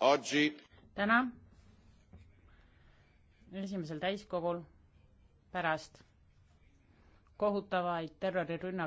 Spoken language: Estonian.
oggi täna esimesel täiskogul pärast kohutavaid terrorirünnakuid